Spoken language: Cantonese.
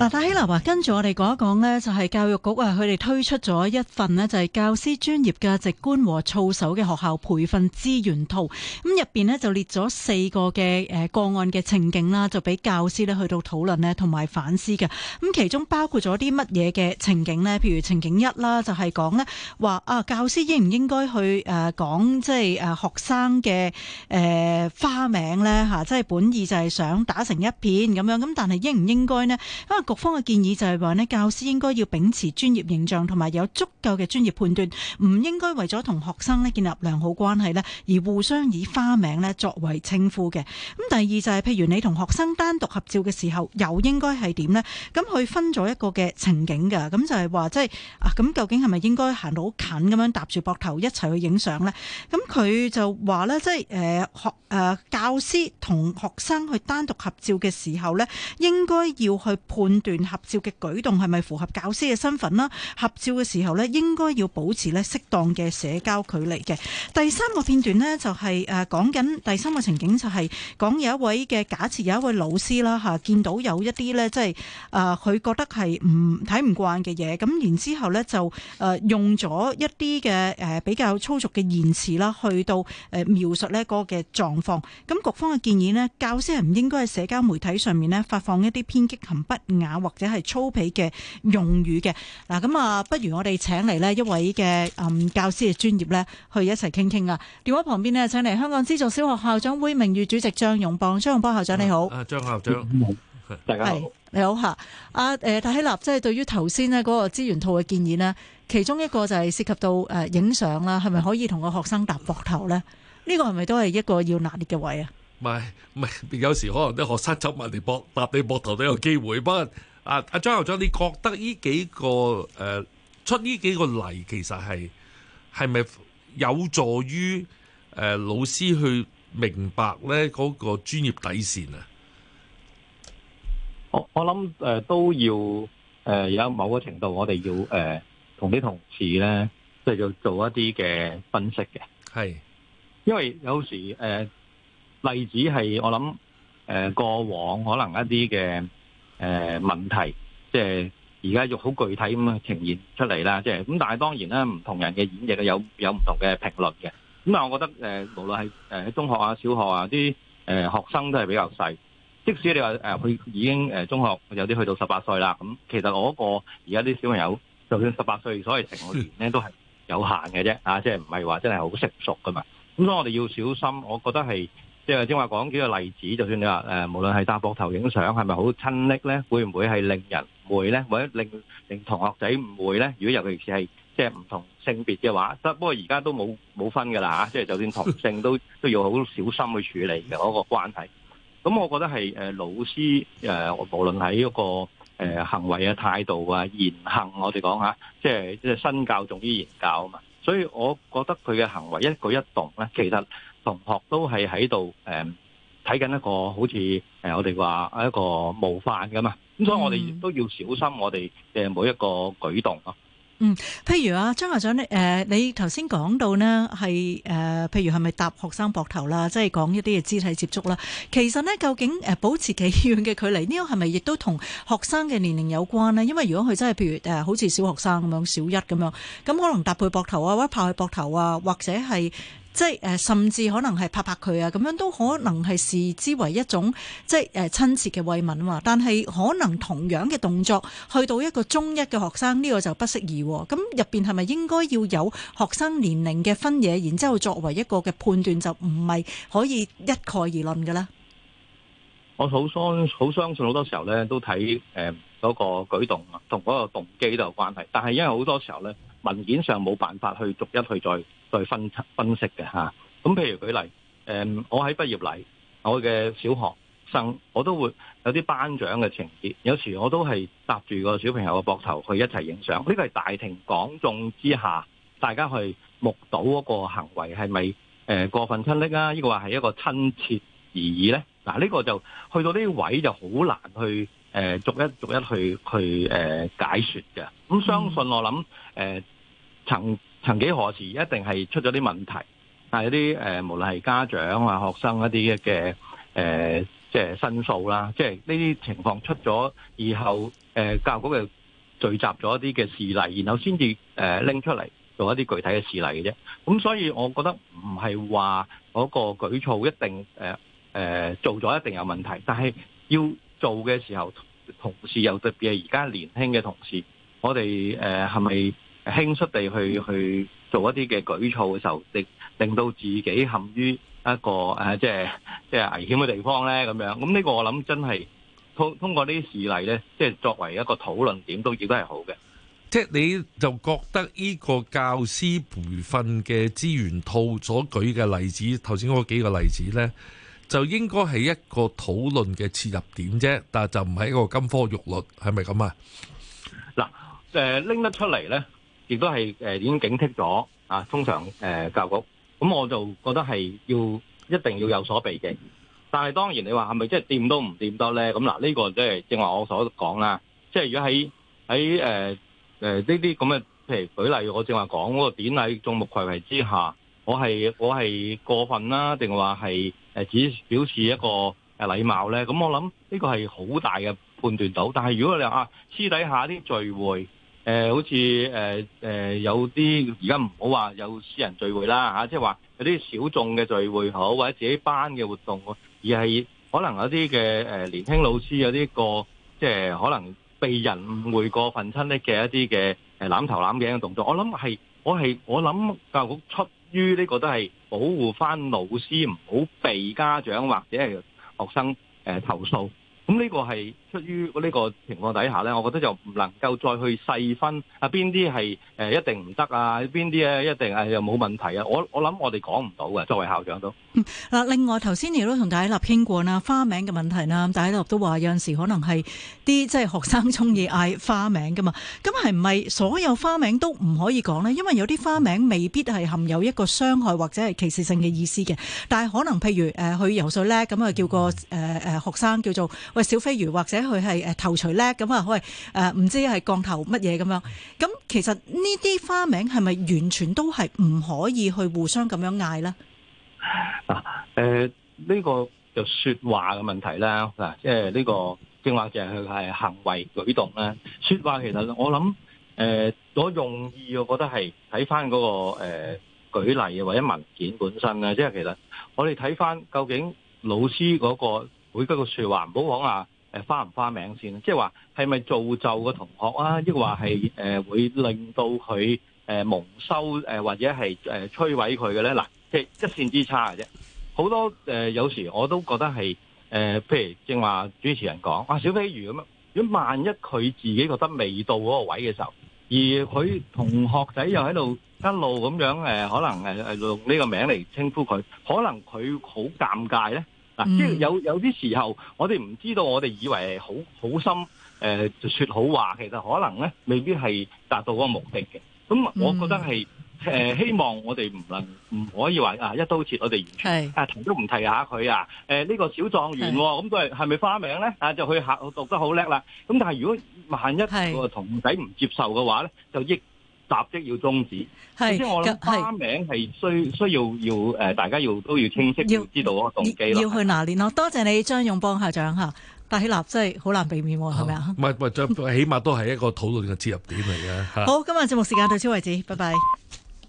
嗱，戴希流啊，跟住我哋講一講呢就係教育局啊，佢哋推出咗一份呢就係教師專業價值觀和操守嘅學校培訓資源套咁入面呢就列咗四個嘅誒個案嘅情景啦，就俾教師呢去到討論呢同埋反思嘅。咁其中包括咗啲乜嘢嘅情景呢？譬如情景一啦，就係講呢話啊，教師應唔應該去誒講即係誒學生嘅誒花名呢？即係本意就係想打成一片咁樣，咁但係應唔應該呢？因為局方嘅建議就係話咧，教師應該要秉持專業形象，同埋有足夠嘅專業判斷，唔應該為咗同學生咧建立良好關係咧，而互相以花名咧作為稱呼嘅。咁第二就係，譬如你同學生單獨合照嘅時候，又應該係點咧？咁佢分咗一個嘅情景嘅，咁就係話即係啊，咁究竟係咪應該行到好近咁樣搭住膊頭一齊去影相咧？咁佢就話咧，即係誒學誒教師同學生去單獨合照嘅時候咧，應該要去判段合照嘅舉動係咪符合教師嘅身份啦？合照嘅時候咧，應該要保持咧適當嘅社交距離嘅。第三個片段咧，就是，就係誒講緊第三個情景，就是，就係講有一位嘅假設有一位老師啦吓、啊、見到有一啲咧，即係誒佢覺得係唔睇唔慣嘅嘢，咁、啊、然之後咧就誒用咗一啲嘅誒比較粗俗嘅言辭啦，去到誒描述呢個嘅狀況，咁、啊、局方嘅建議咧，教師係唔應該喺社交媒體上面咧發放一啲偏激同不雅。或者係粗鄙嘅用語嘅嗱，咁啊，不如我哋請嚟咧一位嘅嗯教師嘅專業咧，去一齊傾傾啊！電話旁邊呢，請嚟香港資助小學校長會名譽主席張勇邦，張勇邦校長你好。啊，張校長，嗯嗯 okay. 大家好，你好吓，阿、啊、誒、呃、戴希立，即、就、係、是、對於頭先呢嗰個資源套嘅建議呢，其中一個就係涉及到誒影相啦，係、呃、咪可以同個學生搭膊頭咧？呢、這個係咪都係一個要拿捏嘅位啊？咪咪有時可能啲學生走埋嚟搏，搭你膊頭都有機會。不過，阿、啊、阿張校長，你覺得呢幾個誒、呃、出呢幾個例，其實係係咪有助於誒、呃、老師去明白咧嗰、那個專業底線啊？我我諗誒、呃、都要而家、呃、某個程度我，我哋要誒同啲同事咧，即係要做一啲嘅分析嘅。係，因為有時誒、呃例子係我諗誒、呃、過往可能一啲嘅誒問題，即係而家要好具體咁嘅呈現出嚟啦，即係咁。但係當然啦唔同人嘅演繹有有唔同嘅評論嘅。咁但我覺得誒、呃，無論係喺中學啊、小學啊，啲誒、呃、學生都係比較細。即使你話誒佢已經、呃、中學有啲去到十八歲啦，咁其實我個而家啲小朋友，就算十八歲，所謂成年咧都係有限嘅啫，啊，即係唔係話真係好成熟噶嘛。咁所以我哋要小心，我覺得係。即係即係話講幾個例子，就算你話誒，無論係搭膊頭影相，係咪好親暱咧？會唔會係令人誤會咧？或者令令同學仔誤會咧？如果尤其是係即係唔同性別嘅話，不過而家都冇冇分㗎啦吓。即係就算同性都都要好小心去處理嘅嗰個關係。咁我覺得係誒老師誒，無論喺嗰個誒行為啊、態度啊、言行，我哋講吓，即係即係身教重於言教啊嘛。所以我覺得佢嘅行為一舉一動咧，其實～同學都係喺度誒睇緊一個好似我哋話一,一個模範噶嘛，咁所以我哋都要小心我哋嘅每一個舉動。嗯，譬如啊，張校長，你頭先講到呢係誒、呃、譬如係咪搭學生膊頭啦，即係講一啲嘅肢體接觸啦。其實呢，究竟保持幾遠嘅距離？呢個係咪亦都同學生嘅年齡有關呢？因為如果佢真係譬如誒好似小學生咁樣小一咁樣，咁可能搭佢膊頭啊，或者拍佢膊頭啊，或者係。即係誒，甚至可能係拍拍佢啊，咁樣都可能係視之為一種即係誒親切嘅慰問啊嘛。但係可能同樣嘅動作，去到一個中一嘅學生，呢個就不適宜。咁入邊係咪應該要有學生年齡嘅分野，然之後作為一個嘅判斷，就唔係可以一概而論嘅呢？我好相好相信，好多時候呢都睇誒嗰個舉動同嗰個動機都有關係。但係因為好多時候呢，文件上冇辦法去逐一去再。再分分析嘅吓，咁、啊、譬如舉例，誒、嗯，我喺畢業禮，我嘅小學生我都會有啲頒獎嘅情節，有時我都係搭住個小朋友嘅膊頭去一齊影相，呢個係大庭廣眾之下，大家去目睹嗰個行為係咪誒過分親昵啊？呢個話係一個親切而已咧。嗱、啊，呢、這個就去到呢啲位就好難去誒、呃、逐一逐一去去誒、呃、解說嘅。咁、嗯、相信我諗誒、呃、曾。曾幾何時，一定係出咗啲問題。但係啲誒，無論係家長啊、學生一啲嘅誒，即、呃、係、係、申訴啦，即係呢啲情況出咗，以後誒、呃、教育局嘅聚集咗一啲嘅事例，然後先至誒拎出嚟做一啲具體嘅事例嘅啫。咁所以，我覺得唔係話嗰個舉措一定誒、呃、做咗一定有問題，但係要做嘅時候，同事又特別係而家年輕嘅同事，我哋誒係咪？呃是輕率地去去做一啲嘅舉措嘅時候，令令到自己陷於一個誒、啊，即係即係危險嘅地方咧，咁樣。咁、嗯、呢、呢個我諗真係通通過呢啲事例咧，即係作為一個討論點，都亦都係好嘅。即係你就覺得呢個教師培訓嘅資源套所舉嘅例子，頭先嗰幾個例子咧，就應該係一個討論嘅切入點啫，但係就唔係一個金科玉律，係咪咁啊？嗱，誒、呃、拎得出嚟咧，亦都係誒已經警惕咗啊！通常誒、啊、教育局，咁我就覺得係要一定要有所避忌。但係當然你話係咪即係掂都唔掂得咧？咁嗱，呢個即係正話我所講啦。即、就、係、是、如果喺喺誒誒呢啲咁嘅，譬、呃呃、如舉例我，我正話講嗰個典禮眾目睽睽之下，我係我係過分啦、啊，定話係誒只表示一個誒禮貌咧？咁我諗呢個係好大嘅判斷度。但係如果你話、啊、私底下啲聚會，誒、呃、好似誒誒有啲而家唔好話有私人聚會啦嚇，即係話有啲小眾嘅聚會好，或者自己班嘅活動，而係可能有啲嘅、呃、年輕老師有啲個即係、就是、可能被人誤會過分親昵嘅一啲嘅誒攬頭攬頸嘅動作，我諗係我係我諗教育局出於呢個都係保護翻老師唔好被家長或者係學生、呃、投訴。咁、這、呢個係出於呢個情況底下呢，我覺得就唔能夠再去細分啊邊啲係一定唔得啊，邊啲一定係又冇問題啊。我我諗我哋講唔到嘅，作為校長都嗱、嗯。另外頭先你都同戴希立傾過啦，花名嘅問題啦，戴希立都話有陣時可能係啲即係學生中意嗌花名㗎嘛。咁係唔係所有花名都唔可以講呢？因為有啲花名未必係含有一個傷害或者係歧視性嘅意思嘅。但係可能譬如誒、呃、去游水咧，咁啊叫個、呃、學生叫做，小飛魚或者佢係誒頭錘叻咁啊，喂誒唔知係降頭乜嘢咁樣，咁、嗯嗯、其實呢啲花名係咪完全都係唔可以去互相咁樣嗌咧？誒、啊、呢、呃呢個就說話嘅問題啦，嗱、啊，即係呢個正話就係佢係行為舉動啦，說話其實我諗誒、呃、我用意，我覺得係睇翻嗰個誒、呃、舉例或者文件本身啦，即、就、係、是、其實我哋睇翻究竟老師嗰、嗰個。每句個說話唔好講啊！誒，花唔花名先，即係話係咪造就個同學啊？亦話係誒會令到佢、呃、蒙羞、呃、或者係誒摧毀佢嘅咧？嗱，即係一線之差嘅啫。好多誒、呃、有時我都覺得係誒，譬、呃、如正話主持人講啊，小飛魚咁樣。如果萬一佢自己覺得未到嗰個位嘅時候，而佢同學仔又喺度一路咁樣誒，可能用呢個名嚟稱呼佢，可能佢好、呃、尷尬咧。嗱、嗯，即係有有啲時候，我哋唔知道，我哋以為係好好心，誒、呃、就說好話，其實可能咧，未必係達到個個目的嘅。咁我覺得係、嗯呃、希望我哋唔能唔可以話啊一刀切我，我哋完全啊提都唔提下佢啊。誒呢、呃這個小狀元喎、哦，咁、嗯、都係係咪花名咧？啊就去學讀得好叻啦。咁但係如果萬一同童仔唔接受嘅話咧，就亦。立即要終止，所以我諗啱名係需需要需要誒、呃，大家要都要清晰要，要知道嗰個動機要，要去拿捏咯。多謝你張勇幫客長張勇邦校長嚇，大起立真係好難避免係咪啊？唔係唔係，起碼都係一個討論嘅切入點嚟嘅。 好，今日節目時間到此為止，拜拜。